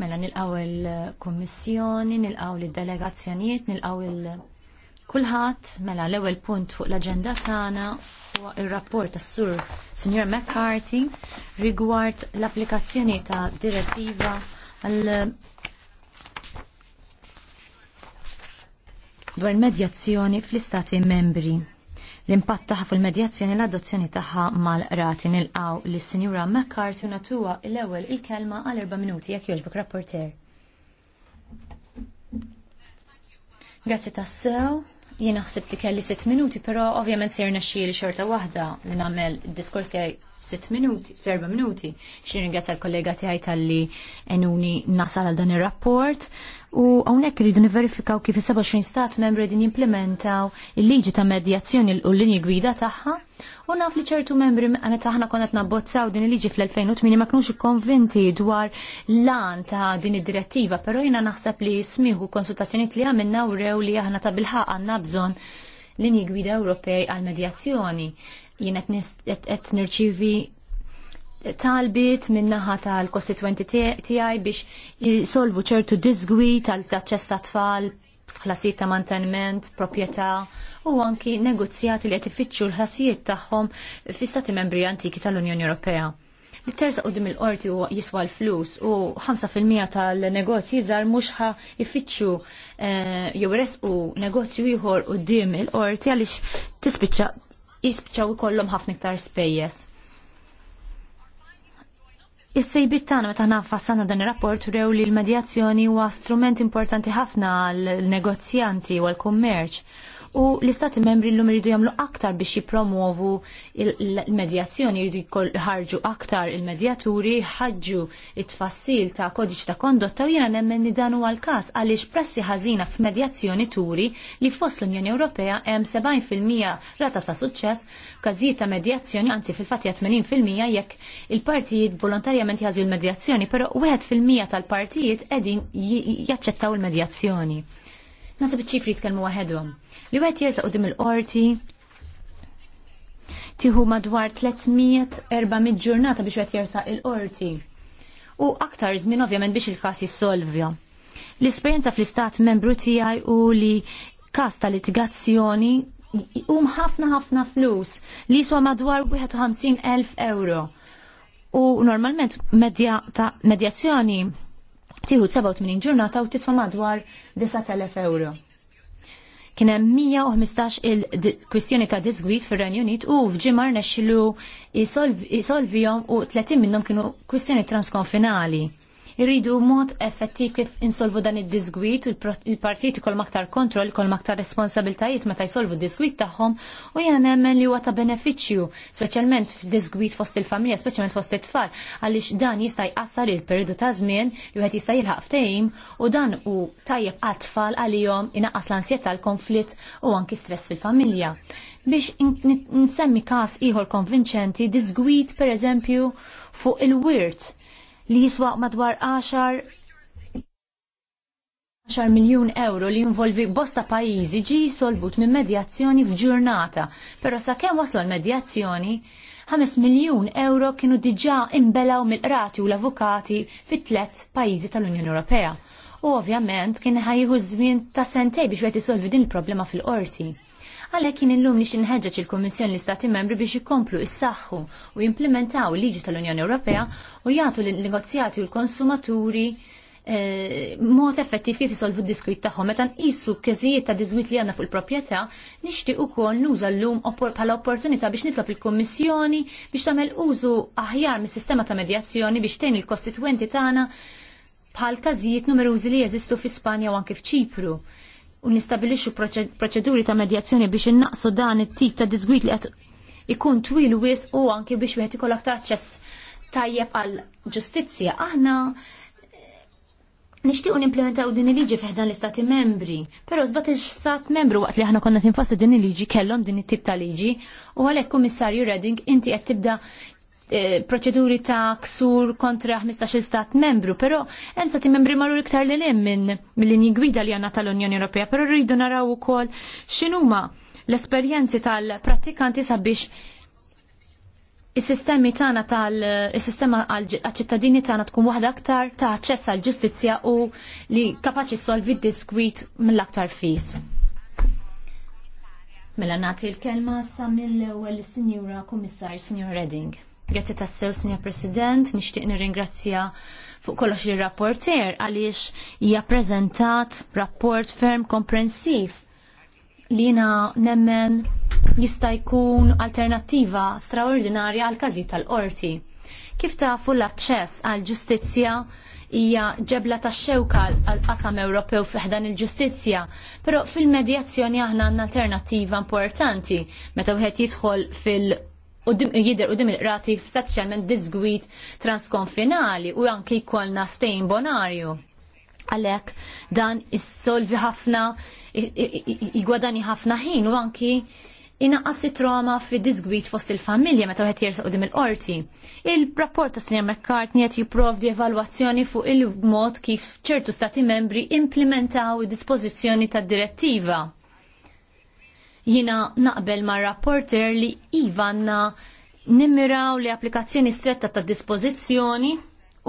Mela nilqaw il-kommissjoni, nilqaw il-delegazzjonijiet, nilqaw il-kulħat, mela l-ewel punt fuq l-agenda tagħna huwa ir-rapport tas-sur Sr. McCarthy rigward l-applikazzjoni ta' direttiva għal dwar medjazzjoni fl-istati membri l-impatt tagħha fil-medjazzjoni l-adozzjoni tagħha mal-rati nilqaw li sinjura McCarthy unatua l-ewwel il-kelma għal erba' minuti jekk joġbuk rapporter. Grazzi tassew. Jien naħseb li kelli sitt minuti, però ovvjament sir nexxieli xorta waħda li nagħmel diskors tiegħi sitt minuti, ferba minuti. Xin ringrazzja l-kollega tiegħi tal-li enuni nasal għal dan ir-rapport u hawnhekk rridu niverifikaw kif 27 stat membri din jimplementaw il-liġi ta' medjazzjoni u l-linji gwida tagħha U naf li ċertu membri meta aħna konna nabbozzaw din il-liġi fl-2008 ma knux konvinti dwar lan ta' din id-direttiva, però jiena naħseb li smiħu konsultazzjonijiet li għamilna u rew li aħna ta' bilħaq għandna bżonn linji gwida Ewropej għal medjazzjoni. Jien qed nirċivi talbit minnaħa tal-kostituenti tiegħi biex jisolvu ċertu disgwi tal-taċċess ta' tfal ħlasijiet ta' mantenment, proprjetà u anki negozjati li qed ifittxu l-ħasijiet tagħhom fi stati membri antiki tal-Unjoni Ewropea li tersa u il-qorti u jiswa l-flus u 5% tal-negozji zar muxħa ħa jiffiċu eh, jew resqu negozju ieħor u dim il-qorti għaliex tispiċċa jispiċċaw ikollhom ħafna iktar spejjeż. Is-sejbit tagħna meta aħna dan ir-rapport rew li l-medjazzjoni huwa strument importanti ħafna għal negozjanti u għal kummerċ u l-istati membri l-lum jridu jamlu aktar biex jipromovu il-medjazzjoni, jridu ħarġu aktar il-medjaturi, ħagġu it-tfassil ta' kodiċ ta' kondotta u jena nemmen nidanu għal-kas għalix pressi ħazina f'medjazzjoni turi li fost l-Unjoni Ewropea hemm 70% rata sa' suċċess każijiet ta' medjazzjoni, anzi fil-fatt 80% jekk il-partijiet volontarjament jażu l-medjazzjoni, però 1% tal-partijiet qegħdin jaċċettaw il-medjazzjoni. Nasib iċ-ċifri jitkellmu waħedhom. Li għet jersa dim il-qorti tieħu madwar 300-400 ġurnata biex għet jersa il-qorti. U aktar żmien ovvjament biex il-każ jissolvja. l esperienza fl-istat membru tiegħi u li każ ta' litigazzjoni hum ħafna ħafna flus li jiswa madwar 51,000 euro. U normalment medja ta' medjazzjoni tiħu 87 ġurnata u tiswa madwar 9,000 euro. Kien hemm 115 il-kwistjoni ta' disgwit fir ren Unit u f'ġimar nexxilu jisolvihom u 30 minnhom kienu kwistjoni transkonfinali. Irridu mod effettiv kif insolvu dan id-disgwit u l-partit kol maktar kontroll, kol maktar responsabiltajiet meta jsolvu d-disgwit tagħhom u jena nemmen li huwa ta' benefiċċju, speċjalment f'disgwit fost il-familja, speċjalment fost it-tfal, għaliex dan jista' jqassar il-periodu ta' żmien li wieħed jista' jilħaq ftehim u dan u tajjeb għat-tfal għalihom inaqqas l-ansjetà tal konflitt u anki stress fil-familja biex nsemmi kas iħor konvinċenti disgwit per eżempju fuq il-wirt li jiswa madwar 10 10 miljun euro li jinvolvi bosta pajizi ġi solvut minn medjazzjoni f'ġurnata, pero sa kemm waslu l-medjazzjoni, 5 miljun euro kienu diġa imbelaw mill-qrati u l-avukati fit-tlet pajizi tal-Unjoni Ewropea. U ovvjament kien ħajju żmien ta' sentej biex wieħed isolvi din il-problema fil-qorti. Għalhekk kien illum nix inħeġġeġ il-Kummissjoni l-Istati Membri biex ikomplu issaħħu u jimplementaw liġi tal-Unjoni Ewropea u jagħtu l negozjati u l-konsumaturi eh, mod effettivi fi isolvu d-diskwit tagħhom meta nqisu keżijiet ta' diżwit li għandna fuq il-proprjetà, nixtieq ukoll nuża llum bħala opportunità biex nitlob il-Kummissjoni biex tagħmel użu aħjar mis-sistema ta' medjazzjoni biex tgħin il-kostitwenti tagħna bħal każijiet numerużi li jeżistu fi Spanja u anke f'Ċipru u nistabilixxu proċeduri ta' medjazzjoni biex innaqsu dan it-tip ta' diżgwit li qed ikun twil wis u anki biex wieħed ikollok aktar aċċess tajjeb għal ġustizzja. Aħna eh, Nishtiqu nimplementaw din il-liġi fiħdan l-istati membri, pero zbat stat membru waqt li aħna konna tinfassi din il-liġi kellhom din it-tip ta' liġi u għalhekk kummissarju Redding inti qed tibda Eh, proċeduri ta' ksur kontra 15 stat membru, pero hemm stati membri marru iktar li hemm minn mill-linji gwida li għandna tal-Unjoni Ewropea, però rridu naraw ukoll x'inhuma l-esperjenzi tal-prattikanti sabiex is-sistemi tagħna tal-sistema is għal-ċittadini tagħna tkun waħda aktar ta' aċċess għall ġustizzja u li kapaċi solvi d-diskwit mill-aktar fis. Mela nagħti l-kelma sa mill-ewwel is-Sinjura Kummissar Sinjur Redding. Grazzi tassew, Sinja President, nixtieq nirringrazzja fuq kollox il rapporter għaliex hija prezentat rapport ferm komprensiv li jiena nemmen jista' jkun alternattiva straordinarja għal każijiet tal-qorti. Kif tafu l-aċċess għal ġustizzja hija ġebla tax xewka għal qasam Ewropew fiħdan il-ġustizzja, però fil-medjazzjoni aħna għandna alternattiva importanti meta wieħed jidħol fil- jider u dim il-qrati f'sat ċanna disgwit transkonfinali u anki kolna stejn bonarju. Għalek dan is-solvi ħafna, jgwadani ħafna ħin u anki Ina qassi trauma fi disgwit fost il-familja meta wieħed jersaq u il-qorti. Il-rapport ta' Sinja McCartney qed jipprovdi evalwazzjoni fuq il-mod kif ċertu stati membri implementaw id-dispożizzjoni tad-direttiva Jina naqbel ma' rapporter li Ivanna nimmiraw li applikazzjoni stretta ta' dispożizzjoni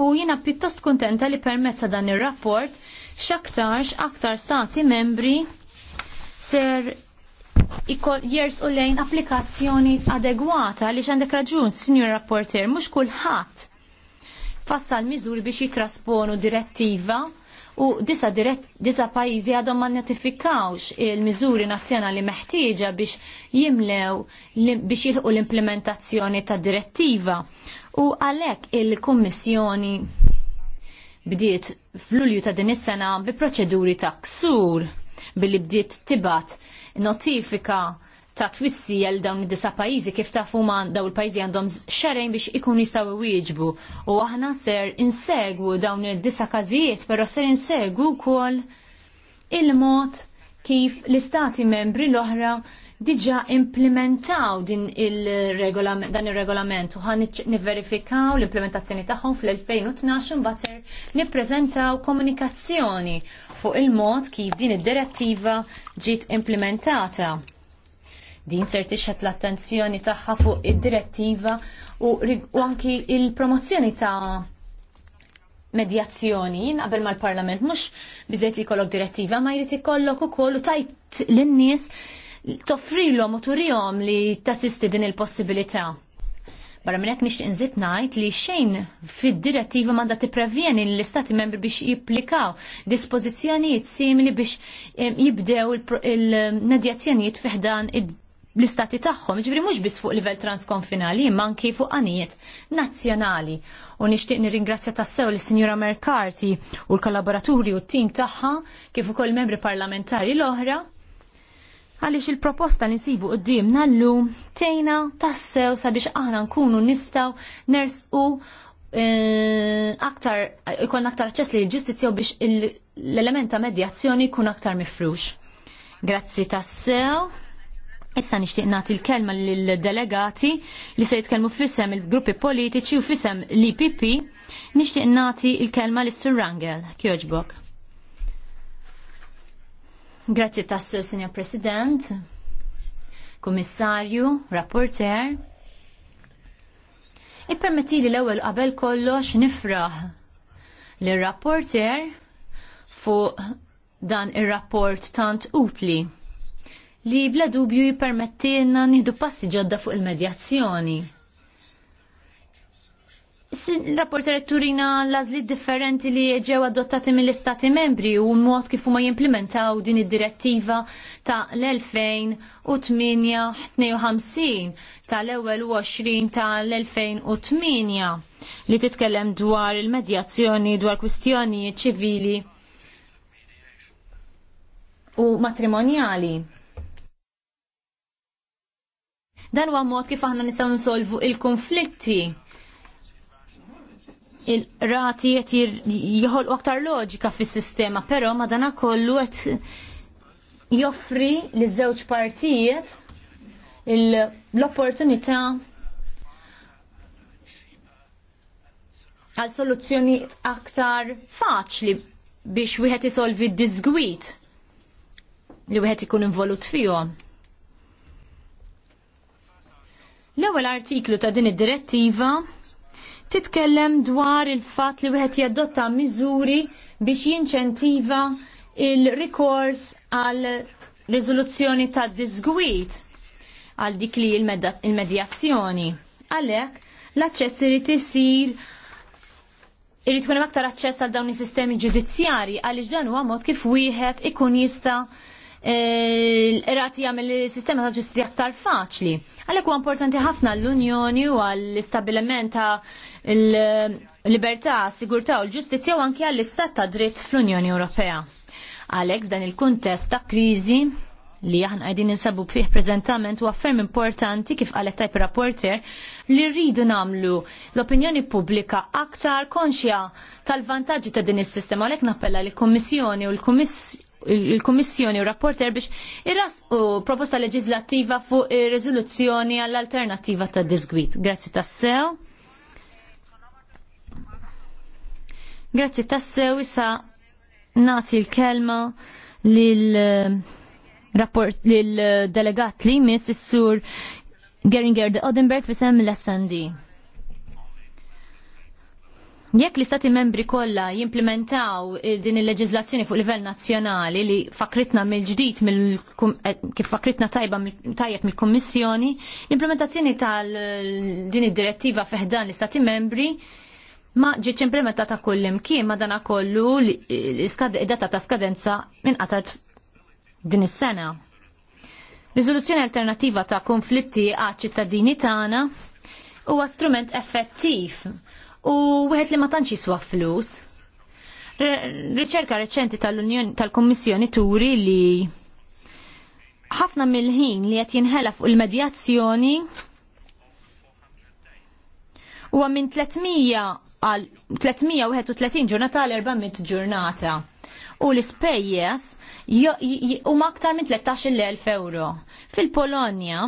u jina pjuttost kontenta li permezza dan ir-rapport x'aktarx aktar stati membri ser jers u lejn applikazzjoni adegwata li xandek raġun, Sinjur Rapporter, mux kullħat fassal miżur biex jitrasponu direttiva u disa, disa pajizi għadhom ma notifikawx il-miżuri nazzjonali meħtieġa biex jimlew biex jilħu l-implementazzjoni ta' direttiva. U għalhekk il-Kummissjoni bdiet f'Lulju ta' din is-sena bi proċeduri ta' ksur billi bdiet tibat notifika ta' twissi għal dawn id-disa pajjiżi kif ta' fuma daw il-pajjiżi għandhom xarajn biex ikun jistgħu jwieġbu u aħna ser insegwu dawn id-disa każijiet, però ser insegwu kol il-mod kif l-istati membri l-oħra diġa implementaw din il-regolament, dan il-regolament u ħan niverifikaw l-implementazzjoni tagħhom fl-2012 mbagħad ser nippreżentaw komunikazzjoni fuq il-mod kif din id-direttiva ġiet implementata. Din ser tixħet l-attenzjoni tagħha fuq id-direttiva u, u anki il-promozzjoni ta' medjazzjoni qabel mal-parlament mhux biżejt li jkollok direttiva ma jrid ikollok ukoll u tajt lin-nies toffrilhom u turihom li tassisti din il-possibilità. Barra minn hekk nixtieq inżid ngħid li xejn fid-direttiva m'għandha tipprevjeni l-istati membri biex jipplikaw dispożizzjonijiet simili biex jibdew il-medjazzjonijiet fiħdan l-istati tagħhom, ġifri mhux biss fuq livell transkonfinali, imma anki fuq għaniet nazzjonali. U nixtieq nirringrazzja tassew lis sinjura Mercarti u l-kollaboraturi u t-tim tagħha kif ukoll membri parlamentari l-oħra għaliex il-proposta li nsibu qoddimna llum tejna tassew sabiex aħna nkunu nistaw nersqu e, aktar ikon aktar aċċess li l-ġustizzja biex l elementa ta' medjazzjoni jkun aktar mifrux. Grazzi tassew. Issa nixtieq nagħti l-kelma lill-delegati li se jitkellmu f'isem il-gruppi politiċi u f'isem l-IPP nixtieq nagħti l-kelma lis sur Rangel Kjoġbok. Grazzi tas Signor President, Kummissarju, Rapporter. Ippermetti li l-ewwel qabel kollox nifraħ lir rapporter fuq dan ir-rapport tant utli li bla dubju jippermettilna nieħdu passi ġodda fuq il-medjazzjoni. Rapporter turina lażlit differenti li ġew adottati mill-Istati membri u mod kif huma jimplementaw din id-direttiva ta' l-2008-52 tal-ewwel 20 tal-2008 li titkellem dwar il-medjazzjoni dwar kwistjonijiet ċivili u matrimonjali. Dan huwa mod kif aħna nistgħu nsolvu il-konflitti il-rati qed jħolqu aktar loġika fis-sistema, però madana kollu qed joffri liż żewġ partijiet l-opportunità għal soluzzjoni aktar faċli biex wieħed isolvi d-disgwit li wieħed ikun involut fihom. L-ewwel artiklu ta' din id-direttiva titkellem dwar il-fatt li wieħed jadotta miżuri biex jinċentiva il-rikors għal riżoluzzjoni ta' disgwid għal dik li il-medjazzjoni. Għalhekk l-aċċess irid isir irid tkun hemm aktar aċċess għal dawn is-sistemi ġudizzjarji għaliex dan huwa mod kif wieħed ikun jista' Eh, irati jagħmel sistema ta' ġustizja aktar faċli. Għalhekk huwa importanti ħafna l-Unjoni u għall-istabilment ta' l-libertà, sigurtà u l-ġustizzja u anke għall-istat ta' dritt fl-Unjoni Ewropea. Għalhekk f'dan il-kuntest ta' kriżi li aħna għedin insabu fih preżentament huwa ferm importanti kif qalet tajp rapporter li rridu nagħmlu l-opinjoni pubblika aktar konxja tal-vantaġġi ta' din is-sistema għalek nappella li kummissjoni u l komissjoni il-Kummissjoni u rapporter biex irras u proposta leġislattiva fuq ir-riżoluzzjoni għall-alternativa ta' disgwit. Grazzi tassew. Grazzi tassew issa nati l-kelma lil eh, lil eh, delegat li miss is-sur Geringer de Odenberg fisem l-SND. Jekk l-istati membri kollha jimplementaw din il leġislazzjoni fuq livell nazzjonali li fakritna mill-ġdid mill eh, kif fakritna tajba tajjeb mill-Kummissjoni, l-implementazzjoni tal din id-direttiva feħdan l-istati membri ma ġietx implementata kull imkien ma dana kollu data ta' skadenza minqatat din is-sena. Riżoluzzjoni alternattiva ta' konflitti għal ċittadini tagħna huwa strument effettiv u wieħed li ma tantx jiswa flus. Riċerka reċenti tal-Unjoni tal-Kummissjoni turi li ħafna mill-ħin li qed jinħela fuq il-medjazzjoni huwa minn 300 għal 331 ġurnata għal 400 ġurnata. U l-ispejjeż huma aktar minn 13,000 euro. Fil-Polonja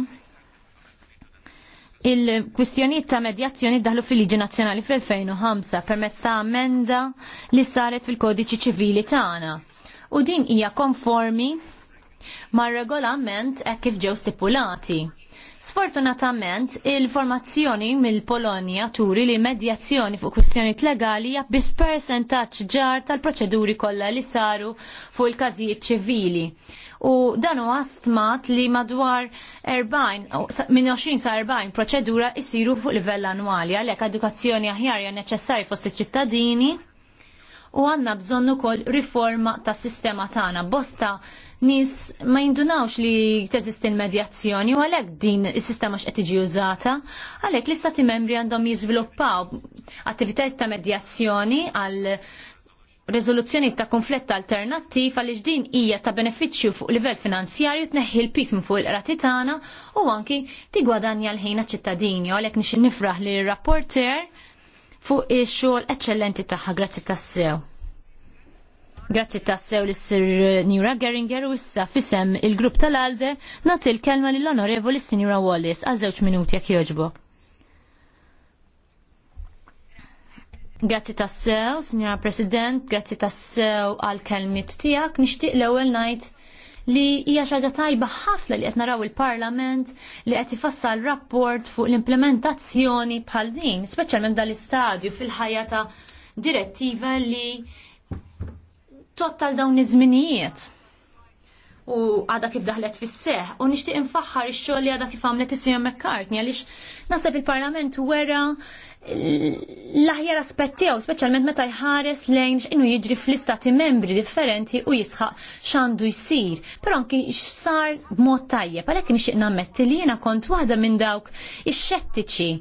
il-kwistjonijiet ta' medjazzjoni daħlu fil-Liġi Nazzjonali fl-2005 permezz ta' ammenda li saret fil-Kodiċi Ċivili tagħna. U din hija konformi mar regolament e kif ġew stipulati. Sfortunatament, il-formazzjoni mill-Polonja turi li medjazzjoni fuq kwistjonijiet legali hija biss percentaġġ ġar tal-proċeduri kollha li saru fuq il-każijiet ċivili u dan u għastmat li madwar 40, minn 20 sa 40 proċedura jisiru fuq livell annwali għalhekk edukazzjoni aħjar jgħan neċessari fost iċ-ċittadini u għanna bżonnu kol riforma ta' sistema tagħna. Bosta nis ma jindunawx li teżisti l-medjazzjoni u għalek din is-sistema x'qed tiġi użata, għalek l-istati membri għandhom jiżviluppaw attivitajiet ta' medjazzjoni għal rezoluzzjoni ta' konflett alternattiv għaliex din hija ta' benefiċċju fuq livell finanzjarju tneħħi l-pis minn fuq il-qrati tagħna u anki tigwadanja l-ħin ċittadini u għalhekk nixin nifraħ li rapporter fuq ix-xogħol eċċellenti tagħha grazzi tassew. Grazzi tassew lis sir Nira Geringer u issa fisem il-grupp tal-Alde nagħti l-kelma lill-Onorevoli Sinjura Wallis għal żewġ minuti jekk jogħġbok. Grazzi tassew, Signora President, grazzi tassew għal kelmit tijak. Nishtiq l-ewel najt li hija xaġa tajba ħafna li qed naraw il-Parlament li qed ifassal rapport fuq l-implementazzjoni bħal din, speċjalment dal-istadju fil-ħajja ta' direttiva li tottal dawn iż-żminijiet u għada kif daħlet fis seħ u nixtieq infaħħar ix-xogħol li għada kif għamlet is sinja McCartney għaliex naħseb il-Parlament wera l-aħjar aspett tiegħu speċjalment meta jħares lejn x'inhu jiġri fl-istati membri differenti u jisħaq x'għandu jsir. Però anki x'sar b'mod tajjeb, għalhekk nixtieq nammetti li jiena kont waħda minn dawk ix-xettiċi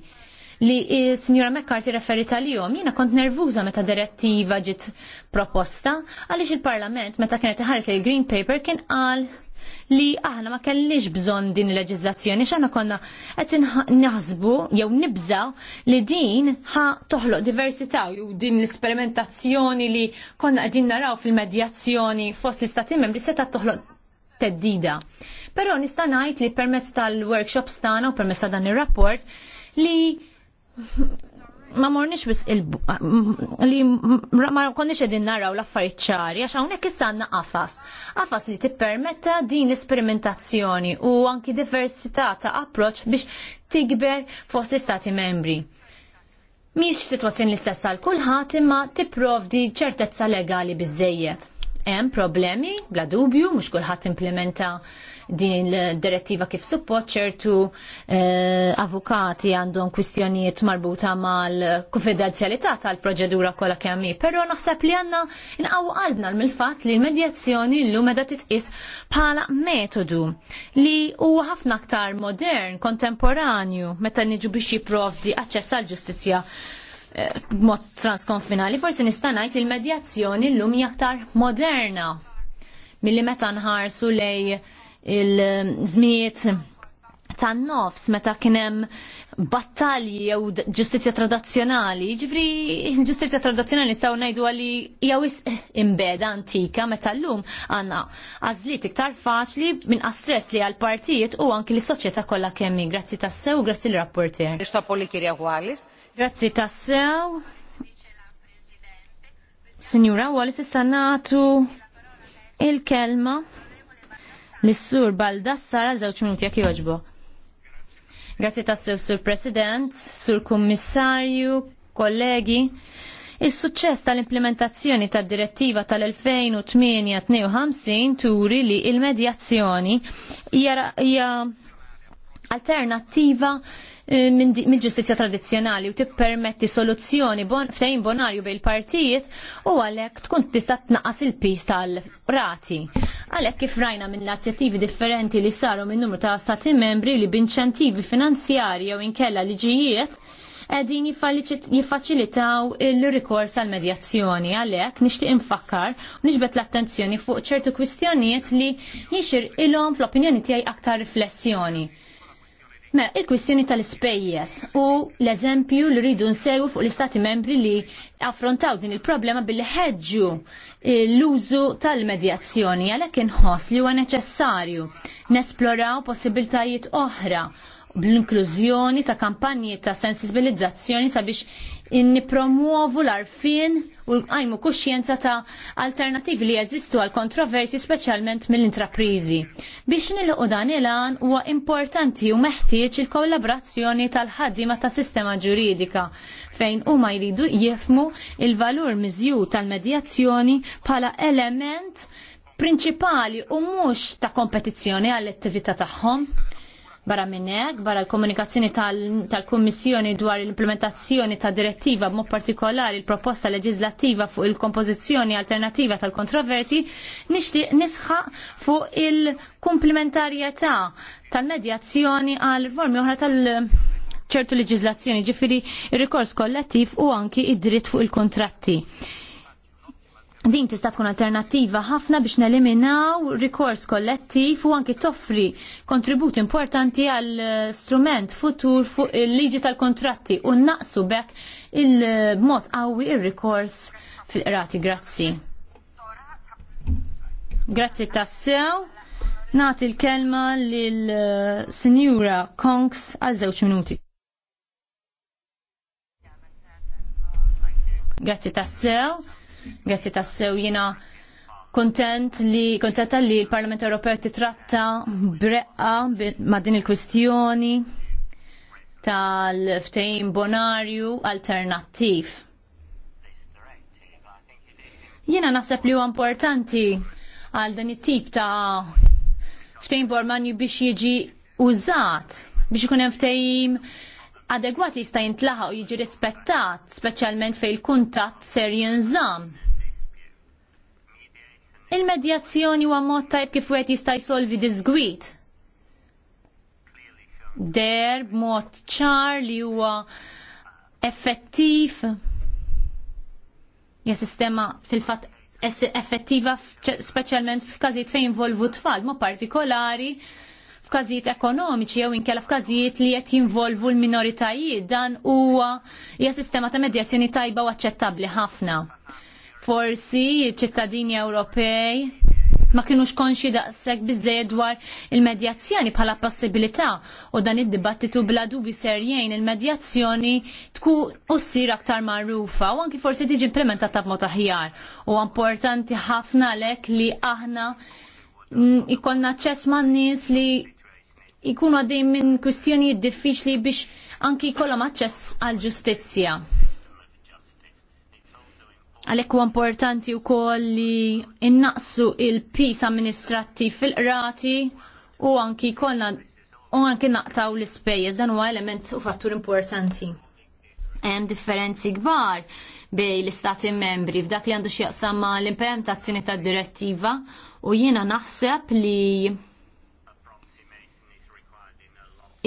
li signora McCarthy referi tal jom. Jina kont nervuża meta direttiva ġit proposta għaliex il-Parlament meta kienet iħares li green Paper kien qal li aħna ma kellix bżon din il-leġizlazzjoni x'aħna konna qed naħsbu jew nibża' li din ħa toħloq diversità u din l-isperimentazzjoni li konna qegħdin naraw fil-medjazzjoni fost l-istati membri seta' toħloq teddida. Però nista' ngħid li permezz tal-workshops tagħna u permezz ta' dan ir-rapport li ma morniex bis il li ma konniex edin naraw l-affarijiet ċari għax hawnhekk issa għandna qafas. Qafas li tippermetta din esperimentazzjoni u anki diversità ta' approċ biex tikber fost l-istati membri. Miex situazzjoni l-istess għal kulħadd imma tipprovdi ċertezza legali bizzejiet. Hemm problemi, bla dubju, mhux kulħadd implementa din l-direttiva kif suppost ċertu eh, avukati għandhom kwistjonijiet marbuta mal-konfidenzjalità tal-proċedura kollha kemm hi, però naħseb li għandna inqaw qalbna mill-fatt li l-medjazzjoni llum meta titqis bħala metodu li huwa ħafna aktar modern, kontemporanju, meta niġu biex jipprovdi aċċess għall-ġustizzja mod transkonfinali, forsi nista' ngħid li l-medjazzjoni llum hija aktar moderna milli meta nħarsu lej il-żmiet tan-nofs meta kien hemm battalji jew ġustizzja tradizzjonali. Ġifri, ġustizzja tradizzjonali nistgħu ngħidu għalli jew imbeda antika meta llum għandna għażliet iktar faċli minn assess li għal partijiet u anki lis soċjetà kollha kemm Grazzi tassew, grazzi l-rapporter. Grazzi tassew. Signora Wallis issa nagħtu il-kelma l-sur Baldassara żewġ minuti jekk jogħġbok. Grazzi tassew sur President, sur Kummissarju, kollegi. Il-suċċess tal-implementazzjoni tad direttiva tal-2008-52 turi li il-medjazzjoni hija alternattiva eh, mill-ġustizja tradizjonali u tippermetti soluzzjoni bon, ftejn bonarju bejn partijiet u għalhekk tkun tista' tnaqqas il-pis tal-rati. Għalhekk kif rajna minn inizjattivi differenti li saru minn numru ta' stati membri li b'inċentivi finanzjarji jew inkella liġijiet qegħdin jiffaċilitaw il-rikors għal medjazzjoni għalek nixtieq infakkar u nixbet l-attenzjoni fuq ċertu kwistjonijiet li jixir ilhom fl-opinjoni tiegħi aktar riflessjoni Ma mela, il kwissjoni tal-ispejjeż u l-eżempju li rridu nsegwu fuq l-istati membri li affrontaw din il-problema billi ħeġġu l-użu tal-medjazzjoni għalhekk inħoss li huwa neċessarju nesploraw possibiltajiet oħra bl-inklużjoni ta' kampanji ta' sensibilizzazzjoni sabiex nipromuovu l-arfin u l-qajmu kuxjenza ta' alternativi li jeżistu għal kontroversi speċjalment mill-intraprizi. Biex nilħu dan il-għan huwa importanti u meħtieġ il-kollaborazzjoni tal-ħaddima ta' sistema ġuridika fejn huma jridu jifmu il-valur mizju tal-medjazzjoni bħala element prinċipali u mhux ta' kompetizzjoni għall-attività tagħhom Barra minnek, barra l-komunikazzjoni tal-Kommissjoni dwar l-implementazzjoni ta' direttiva b'mod partikolari l-proposta leġislattiva fuq il-kompożizzjoni alternativa tal-kontroversi, nixtieq nisħaq fuq il-komplementarjetà tal-medjazzjoni għal formi oħra tal- ċertu leġislazzjoni, ġifiri il-rikors kollettiv u anki id-dritt fuq il-kontratti din tista' tkun alternattiva ħafna biex neliminaw rikors kollettiv u anki toffri kontribut importanti għal eh, strument futur fuq il-liġi tal-kontratti u naqsu bekk il-mod qawwi ir-rikors fil-qrati. Grazzi. Grazzi tassew. Nati l-kelma lil-Sinjura eh, Konks għal żewġ minuti. Grazzi tassew. Grazie tassew jina kontent li kontenta li l-Parlament Ewropew titratta breqqa ma' din il-kwistjoni tal-ftehim bonarju alternattiv. Jiena naħseb li huwa importanti għal dan it-tip ta' ftehim bormanju biex jiġi użat biex ikun hemm ftehim adegwat li jista' jintlaħa u jiġi rispettat, speċjalment fejn l kuntatt ser jinżam. Il-medjazzjoni huwa mod tajb kif wieħed jista' jsolvi disgwit. Der mod ċar li huwa effettiv. Ja sistema fil-fatt effettiva speċjalment f'każijiet fejn involvu tfal, mo partikolari f'każijiet ekonomiċi jew inkella f'każijiet li qed jinvolvu l-minoritajiet dan huwa hija sistema ta' medjazzjoni tajba u aċċettabbli ħafna. Forsi ċittadini Ewropej ma kienux konxi daqseg bizzej dwar il-medjazzjoni bħala possibilità u dan id-dibattitu bla dubi serjejn il-medjazzjoni tkun u ssir aktar magħrufa u anki forsi tiġi implementata b'mod aħjar. U importanti ħafna lek li aħna mm, ikollna ċess man nies li ikunu għaddej minn kwistjoni diffiċli biex anki jkollhom aċċess għal ġustizzja. Għalhekk huwa importanti wkoll li innaqsu il-pis amministrattiv fil-qrati u anki jkollna u anki naqtaw l-ispejjeż dan huwa element u fattur importanti. Hemm differenzi kbar bej l-istati membri f'dak li għandu xieqsam ma l-implementazzjoni tad-direttiva u jiena naħseb li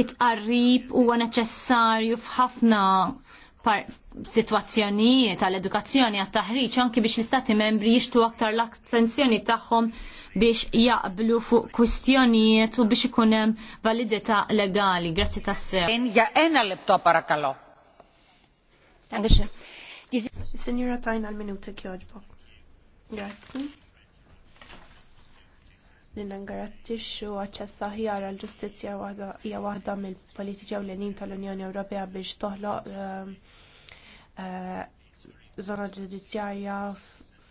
it-qarrib huwa neċessarju f'ħafna situazzjoni tal-edukazzjoni għat taħriġ anki biex l-istati membri jixtu aktar l-attenzjoni tagħhom biex jaqblu fuq kwistjonijiet u biex ikun hemm validità legali. Grazzi tassew. Ja ena lebto parakalo. Signora Tajna l-minuta kjoġbok. Grazzi li nangaratixxu aċċess aħjar għall ġustizzja hija waħda mill-politiċi ewlenin tal-Unjoni Ewropea biex toħloq żona ehm, eh, ġudizzjarja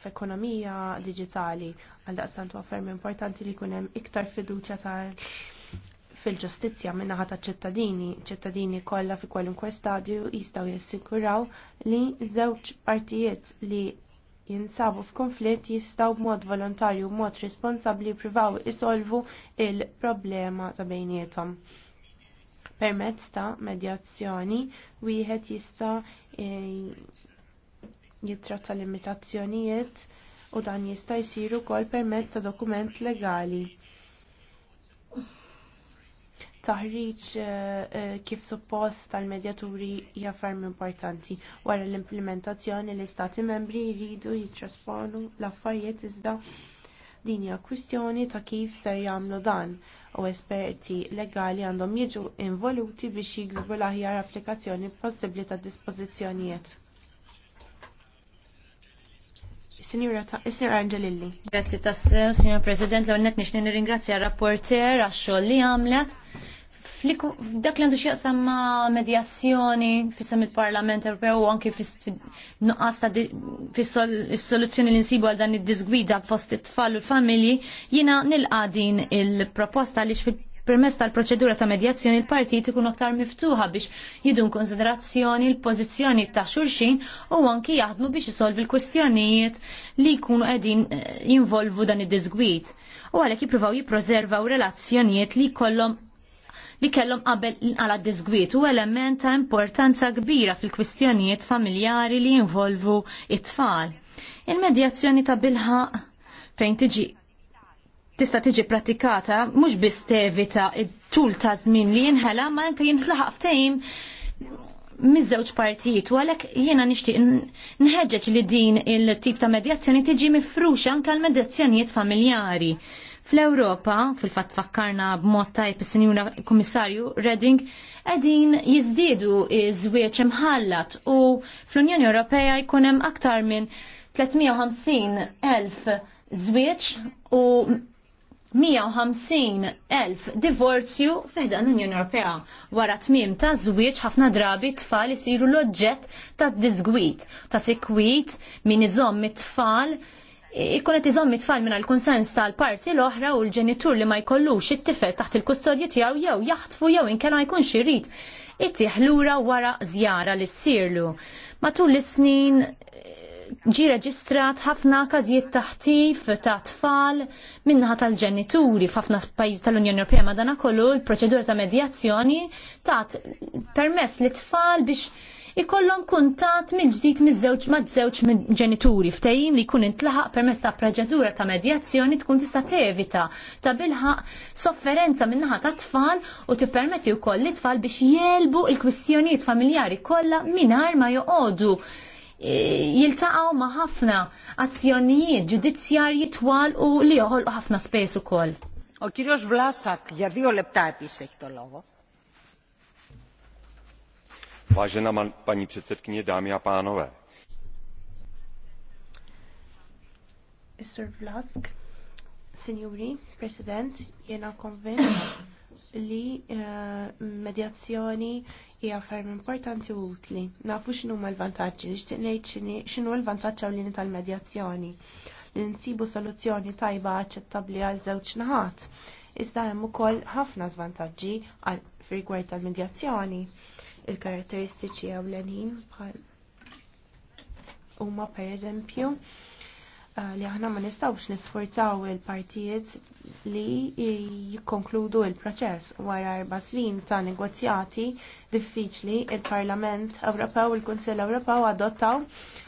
f'ekonomija diġitali għal daqstant huwa ferm importanti li jkun hemm iktar fiduċja tal fil-ġustizzja min-naħa taċ ċittadini, ċittadini kollha fi kwalunkwe stadju jistgħu jassikuraw li żewġ partijiet li jinsabu f'konflitt jistgħu b'mod volontarju b'mod responsabbli jippruvaw isolvu l problema ta' bejniethom. Permezz ta' medjazzjoni wieħed jista' jitratta limitazzjonijiet u dan jista' jsir ukoll permezz ta' dokument legali taħriġ eh, eh, kif suppost tal-medjaturi hija ferm importanti. Wara l-implementazzjoni l-istati membri jridu jitrasponu l-affarijiet iżda din hija kwistjoni ta' kif ser jagħmlu dan u esperti legali għandhom jiġu involuti biex jiksbu l-aħjar applikazzjoni possibbli tad dispożizzjonijiet. Signor Angelilli. Grazie tassew, signor President, l-għonnet nix nirringrazzja rapporter għax-xogħol li għamlet Dak li għandu xieqsam ma' medjazzjoni fissam il-Parlament Ewropew u anki nuqqas soluzzjoni li nsibu għal dan id-disgwida fost it-tfal u l-familji, jina nilqa din il-proposta li fil permess tal-proċedura ta' medjazzjoni il-partit ikun aktar miftuħa biex jidun konsiderazzjoni l-pożizzjoni ta' xulxin u anki jaħdmu biex isolvi l-kwestjonijiet li jkunu qegħdin eh, jinvolvu dan id disgwid U għalhekk jippruvaw jippreservaw relazzjonijiet li kollhom li kellhom qabel inqala disgwiet u element ta' importanza kbira fil-kwistjonijiet familjari li jinvolvu it-tfal. Il-medjazzjoni ta' bilħaq fejn tiġi tista' tiġi pratikata mhux biss tevita tul ta' żmien li jinħela ma anke jinħlaħaq ftehim miż-żewġ partijiet u għalhekk jiena nixtieq nħeġġeġ li din il-tip ta' medjazzjoni tiġi mifruxa anke għal medjazzjonijiet familjari. Fl-Ewropa, fil-fatt fakkarna b'mod tajb is-Sinjura Kummissarju Reding, qegħdin jiżdiedu iż-żwieġ imħallat u fl-Unjoni Ewropea jkun hemm aktar minn 350 elf żwieġ u 150.000 divorzju fiħda l-Unjoni Ewropea wara tmiem ta' żwieġ ħafna drabi tfal isiru l-oġġett ta' disgwit, ta' sikwit min iżomm mit tfal ikkun qed iżommi tfal minn l-kunsens tal-parti l-oħra u l-ġenitur li ma jkollux it-tifel taħt il-kustodja tiegħu jew jaħtfu jew inkella ma jkunx irid ittieħ lura wara żjara li ssirlu. Matul is-snin eh, ġi reġistrat ħafna każijiet taħtif ta' tfal minnaħa tal-ġenituri f'ħafna pajjiż tal-Unjoni Ewropea madanakollu l-proċedura ta' medjazzjoni tat permess li tfal biex ikollhom kuntat mill-ġdid miż-żewġ ma' żewġ ġenituri ftehim li jkun intlaħaq permezz ta' proċedura ta' medjazzjoni tkun tista' tevita ta' bilħaq sofferenza min-naħa ta' tfal u tippermetti wkoll li tfal biex jelbu l kwistjonijiet familjari kollha mingħajr ma joqogħdu e, jiltaqgħu ma' ħafna azzjonijiet ġudizzjarji twal u li joħolqu ħafna spejs ukoll. O kirjox Vlasak, ja dio lebta pisek to logo. Vážená paní předsedkyně, dámy a pánové. Vlask, Signori, President, jena konvint li eh, medjazzjoni hija ferm importanti u utli. Nafu x'inhu l-vantaġġi, nixtieq ngħid x'inhu l-vantaġġ ewlieni tal-medjazzjoni. Li nsibu soluzzjoni tajba aċċettabbli għal żewġ naħat iżda hemm ukoll ħafna żvantaġġi għal rigward tal-medjazzjoni. Il-karatteristiċi ewlenin bħal huma pereżempju eh, li aħna ma nistgħux nisforzaw il-partijiet li jikkonkludu il-proċess wara erba' snin ta' negozjati diffiċli il-Parlament Ewropew u l kunsill Ewropew adottaw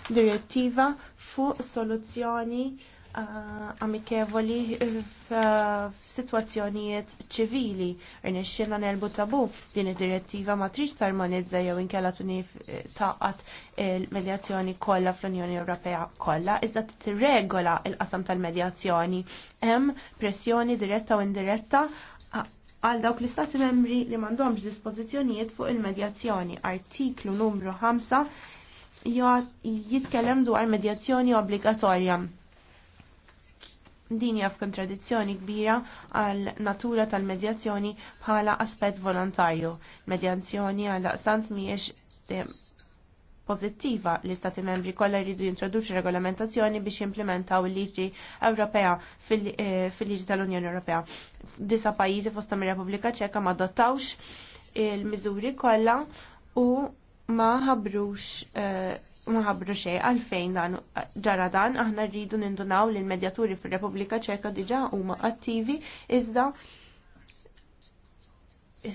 direttiva fuq soluzzjoni Eh, amikevoli eh, f'sitwazzjonijiet ċivili. Irnexxilna nelbu tabu din id-direttiva ma trix tarmonizza jew inkella tuni eh, taqqat il-medjazzjoni kollha fl-Unjoni Ewropea kollha, iżda t-regola il-qasam tal-medjazzjoni. Hemm pressjoni diretta u indiretta għal dawk l-istati membri li m'għandhomx dispożizzjonijiet fuq il-medjazzjoni. Artiklu numru 5 jitkellem dwar medjazzjoni obbligatorja din hija f'kontradizzjoni kbira għal natura tal-medjazzjoni bħala aspett volontarju. Medjazzjoni għal daqsant mhijiex pożittiva li stati membri kollha jridu jintroduċu regolamentazzjoni biex jimplementaw il-liġi Ewropea eh, fil-liġi tal-Unjoni Ewropea. Disa pajjiżi fost ir-Repubblika Ċeka ma adottawx il-miżuri kollha u ma ħabrux eh, ma ħabbru xejn għalfejn dan ġara dan aħna rridu nindunaw li l-medjaturi fir-Repubblika Ċeka diġà huma attivi iżda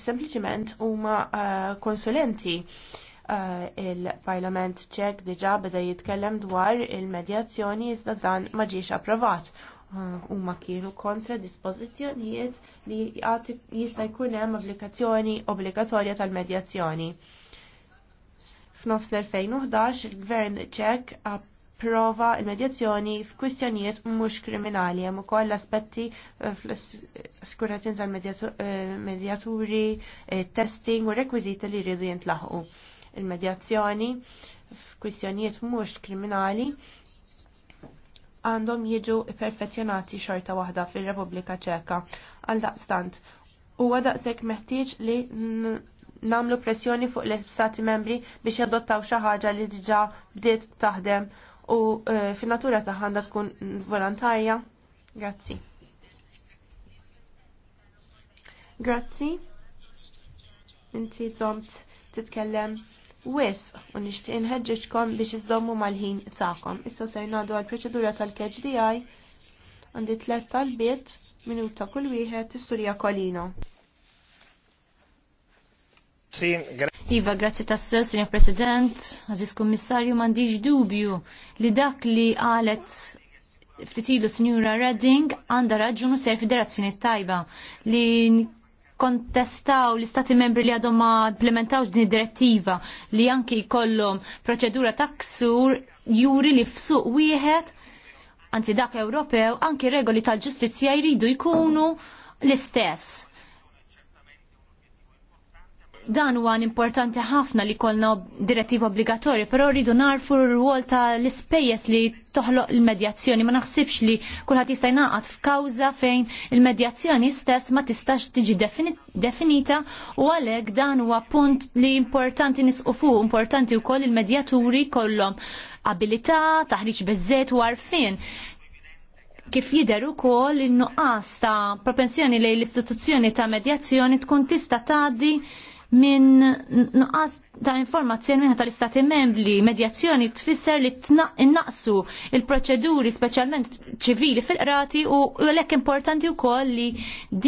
sempliċiment huma eh, konsulenti eh, il-Parlament ċek diġà beda jitkellem dwar il-medjazzjoni iżda dan ma ġiex approvat eh, huma kienu kontra dispożizzjonijiet li jista' jkun hemm applikazzjoni obbligatorja tal-medjazzjoni. F'nofs l-2011 il-Gvern ċek approva il-medjazzjoni f'kwistjonijiet mhux kriminali hemm ukoll aspetti eh, fl-assikurazzjoni tal-medjaturi, eh, eh, testing u rekwiżiti li jridu jintlaħqu. Il-medjazzjoni f'kwistjonijiet mhux kriminali għandhom jiġu perfezzjonati xorta waħda fir-Repubblika Ċeka. Għal daqstant, huwa daqshekk meħtieġ li namlu pressjoni fuq l-Stati membri biex jadottaw xi ħaġa li diġà bdiet taħdem u e, fin-natura tagħha għandha tkun volontarja. Grazzi. Grazzi. Inti domt titkellem wis u nixtieq inħeġġeġkom biex iżommu mal-ħin tagħkom. Issa se jnadu għall-proċedura tal kdi għandi tliet talbiet minuta kull wieħed isturija kolino. Iva, grazzi tassew, signor President, għaziz kommissarju, mandiġ dubju li dak li għalet ftitilu signora Redding għanda raġunu ser federazzjoni tajba li kontestaw l-istati membri li għadhom ma implementawx din direttiva li anki kollom proċedura ta' ksur juri li fsuq wieħed anzi dak Ewropew anki regoli tal-ġustizzja jridu jkunu l-istess dan huwa importanti ħafna li kollna direttiva obbligatorja, però rridu narfu r-rwol ta' l-ispejjeż li toħloq il-medjazzjoni. Ma naħsibx li kulħadd jista' jnaqat f'kawża fejn il-medjazzjoni stess ma tistax tiġi definita u għalhekk dan huwa punt li importanti nisqu fuq, importanti wkoll il-medjaturi kollhom abilità, taħriġ biżżejt u għarfien kif jider ukoll in-nuqqas ta' propensjoni lejn l-istituzzjoni ta' medjazzjoni tkun tista' tgħaddi ta minn nuqqas ta' informazzjoni minna tal-istati membri, medjazzjoni tfisser li tnaqsu il-proċeduri speċjalment ċivili fil-qrati u l-ek importanti u koll li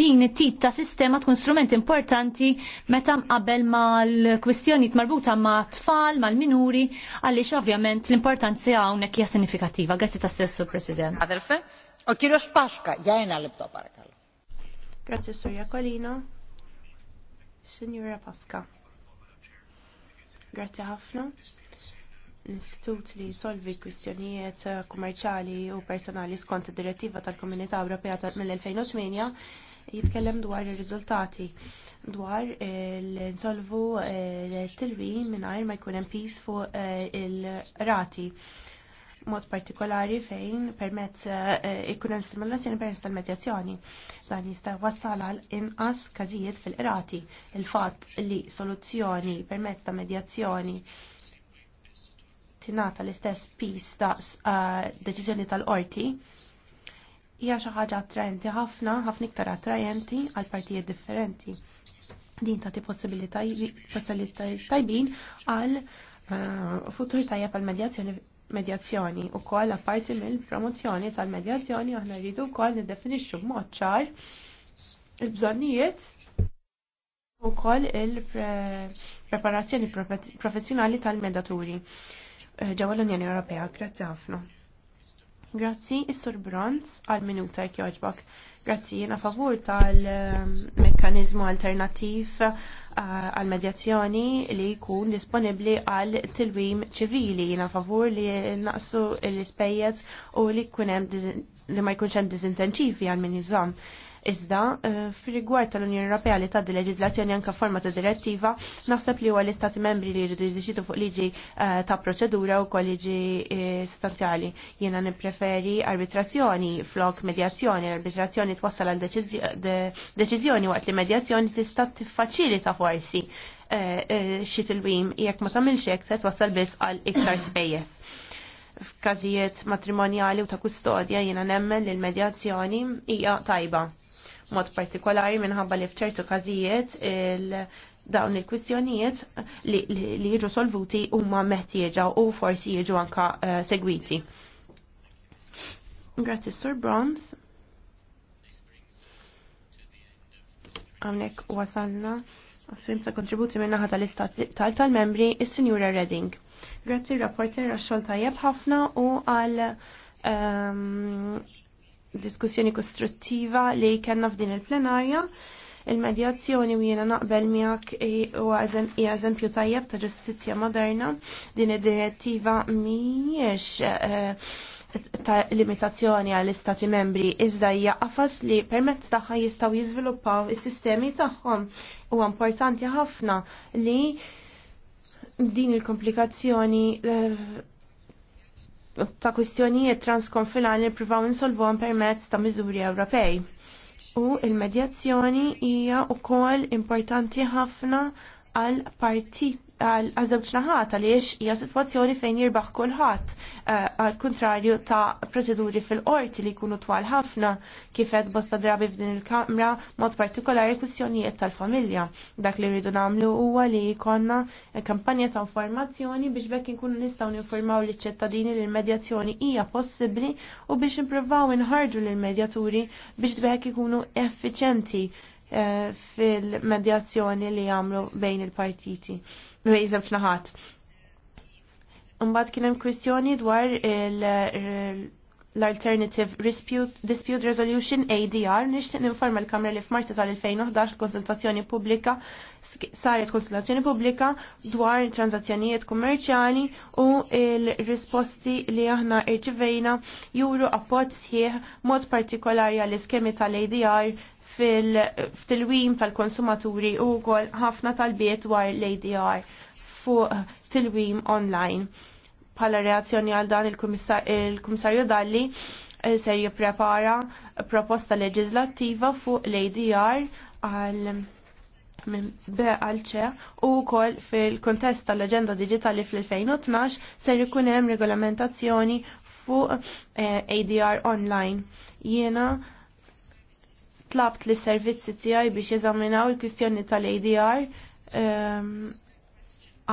din it-tip ta' sistema tkun strument importanti meta mqabel mal-kwistjoni marbuta ma' tfal, mal-minuri, għalix ovvjament l-importanzi hawnhekk hija signifikativa. Grazie ta' sessu, President. Adelfe, u kirjox Paxka, jajna l-ibda, barakalla. Surja Kolina. Signora Pasca. Grazie ħafna. L-istitut li solvi kwistjonijiet eh, kummerċali u personali skont id-direttiva tal-Komunità Ewropea mill-2008 jitkellem dwar ir-riżultati dwar eh, l-insolvu eh, tilwi tilwin mingħajr ma jkun hemm fuq il-rati mod partikolari fejn permezz eh, ikun hemm stimulazzjoni permezz tal-medjazzjoni. Dan jista' wassal għal inqas każijiet fil-qrati. Il-fatt li soluzzjoni permezz ta' medjazzjoni tingħata l-istess pis ta' eh, deċiżjoni tal-qorti hija xi ħaġa attrajenti ħafna, ħafna iktar attrajenti għal partijiet differenti. Din tagħti possibilitajiet tajbin għal eh, futur tajjeb pal medjazzjoni medjazzjoni u koll apparti mill-promozzjoni tal-medjazzjoni aħna rridu wkoll niddefinixxu b'mod ċar il-bżonnijiet u koll il-preparazzjoni professjonali tal-medaturi eh, ġewwa l-Unjoni Ewropea. Grazzi ħafna. Grazzi, is-Sur Bronz għal minuta jekk jogħġbok. Grazzi, jena favur tal-mekkanizmu alternativ eh, għal-medjazzjoni li jkun disponibli għal-tilwim ċivili. Jena favur li naqsu l-ispejjeż u li kunem li ma jkunx hemm diżintenċivi għal minizom Iżda, eh, fil-rigward tal-Unjoni Ewropea li tgħaddi leġiżlazzjoni anke forma ta' direttiva, naħseb li huwa l-Istati membri li jridu jiddeċidu fuq liġi eh, ta' proċedura u kol liġi eh, sostanzjali. Jiena nippreferi arbitrazzjoni flok medjazzjoni, arbitrazzjoni twassal għal deċiżjoni waqt li medjazzjoni tista' tiffaċilita forsi xi tilwim jekk ma tagħmilx hekk se twassal biss għal iktar spejjeż f'każijiet matrimonjali u ta' kustodja jiena nemmen li l-medjazzjoni hija tajba mod partikolari minħabba li fċertu każijiet il dawn il-kwistjonijiet li jiġu solvuti huma meħtieġa u forsi jiġu anka eh, segwiti. Grazzi Sur Bronze. Għamnek wasalna. Għasim ta' kontributi minna ħata l-istat tal-membri, il-Sinjura Redding. Grazzi rapporter għax tajjeb ħafna u għal ehm, diskussjoni kostruttiva li kellna f'din il-plenarja. Il-medjazzjoni u naqbel miegħek u eżempju tajjeb ta' ġustizzja moderna din id-direttiva miex eh, ta' limitazzjoni għall istati membri iżda hija qafas li permezz tagħha jistgħu jiżviluppaw is-sistemi tagħhom. Huwa importanti ħafna li din il-komplikazzjoni eh, ta' kwistjonijiet transkonfinali pruvaw insolvuhom permezz ta' miżuri Ewropej. U il-medjazzjoni hija wkoll importanti ħafna għal partit għal-żewġ naħat għaliex hija sitwazzjoni fejn jirbaħ kulħadd eh, għal kontrarju ta' proċeduri fil-qorti li jkunu twal ħafna kifet bosta drabi f'din il-kamra mod partikolari kwistjonijiet tal-familja. Dak li rridu nagħmlu huwa li jkollna kampanja ta' informazzjoni biex bekk inkunu nistgħu ninformaw liċ ċittadini li l-medjazzjoni hija possibbli u biex nippruvaw inħarġu lill medjaturi biex bekk ikunu effiċenti Eh, fil-medjazzjoni li għamlu bejn il-partiti, bejn naħat. Mbagħad kien hemm kwistjoni dwar l-Alternative Dispute, Resolution ADR nixtieq ninforma l-Kamra li f'Martu tal-2011 konsultazzjoni pubblika saret konsultazzjoni pubblika dwar transazzjonijiet kummerċjali u l-risposti li aħna irċivejna juru appoġġ sħiħ mod partikolari għall iskemi tal-ADR fil-tilwim tal-konsumaturi u kol ħafna tal-biet war l-ADR fuq tilwim online. Pala reazzjoni għal dan il-Komissarju Dalli eh, ser jipprepara proposta leġislattiva fuq l-ADR għal minn għalċe u kol fil-kontest tal-Aġenda Digitali fl-2012 ser ikun hemm regolamentazzjoni fuq eh, ADR online. Jiena tlabt li servizzi tiegħi biex jeżaminaw il-kwistjoni tal-ADR ehm,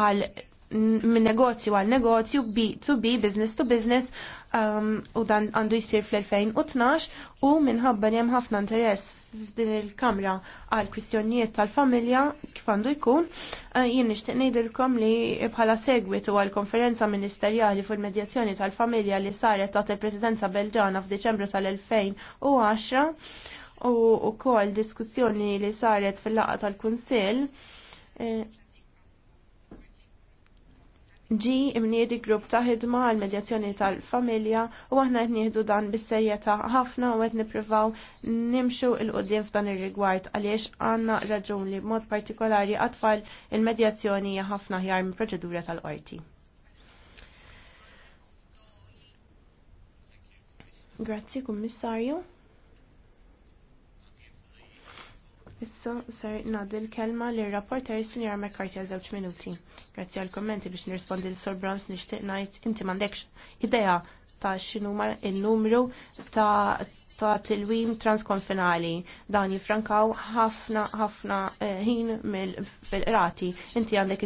għal minn negozju għal negozju B2B, business to business, ehm, u dan għandu jisir fl-2012 u minħabba li hemm ħafna interess f'din il-kamra għal kwistjonijiet tal-familja kif għandu jkun, eh, jien nixtieq ngħidilkom li bħala segwitu għal konferenza ministerjali fuq il-medjazzjoni tal-familja li saret taħt il-Presidenza Belġana f'Diċembru tal-2010 u wkoll diskussjoni li saret fil laqgħa tal-Kunsill eh, ġi imniedi grupp ta' ħidma għal medjazzjoni tal-familja u aħna qed dan bis-serjetà ħafna u qed nippruvaw nimxu il qoddim f'dan ir-rigward għaliex għandna raġun li b'mod partikolari għatfall il-medjazzjoni hija ħafna ħjar minn proċedura tal-qorti. Grazzi, Kummissarju. Issa ser nadi l-kelma lir rapporter Sinjar McCarthy għal żewġ minuti. Grazzi għall kommenti biex nirrispondi l sor Browns nixtieq ngħid inti m'għandekx idea ta' x'inhuma il-numru ta' ta' tilwim transkonfinali dan jifrankaw ħafna ħafna eh, ħin mill-rati. Inti għandek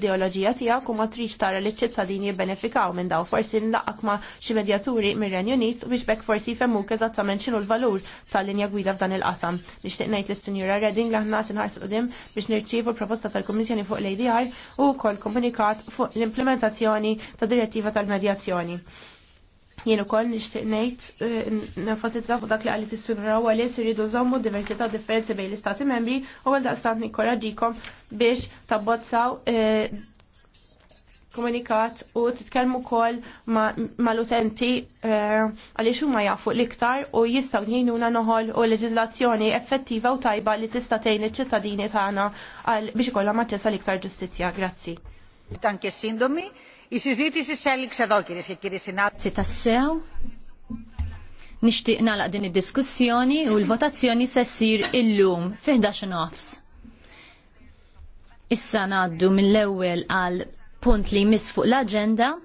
ideoloġija tiegħek u ma trix tara li ċ ċittadini jibbenefikaw minn daw. Forsi nlaqak ma xi medjaturi mir-Renju Unit biex bekk forsi jfemmuk eżattament x'inhu l-valur tal-linja gwida f'dan il-qasam. Nixtieq ngħid lis-Sinjura Redding li aħna ħarsu qudiem biex nirċievu l-proposta tal-Kummissjoni fuq l-ADR u wkoll komunikat fuq l-implementazzjoni tad direttiva tal-medjazzjoni. Jien ukoll nixtieq ngħid eh, nenfasizza fuq dak li qalet is-sufraw għaliex iridu żommu differenzi bejn l-istati membri u għal daqstant nikkoraġikom biex tabbozzaw eh, komunikat u t-tkelmu kol mal-utenti eh, għaliex huma jafu l-iktar u jistgħu jgħinuna noħol u leġizlazzjoni effettiva u tajba li tista' tgħin iċ-ċittadini tagħna biex ikollhom maċċessa liktar iktar ġustizzja. Grazzi. Tanke sindomi. Η συζήτηση σέλιξε Nixtieq nagħlaq din id-diskussjoni u l-votazzjoni se ssir illum fil-11 nofs. Issa ngħaddu mill-ewwel għal punt li jmiss fuq l-aġenda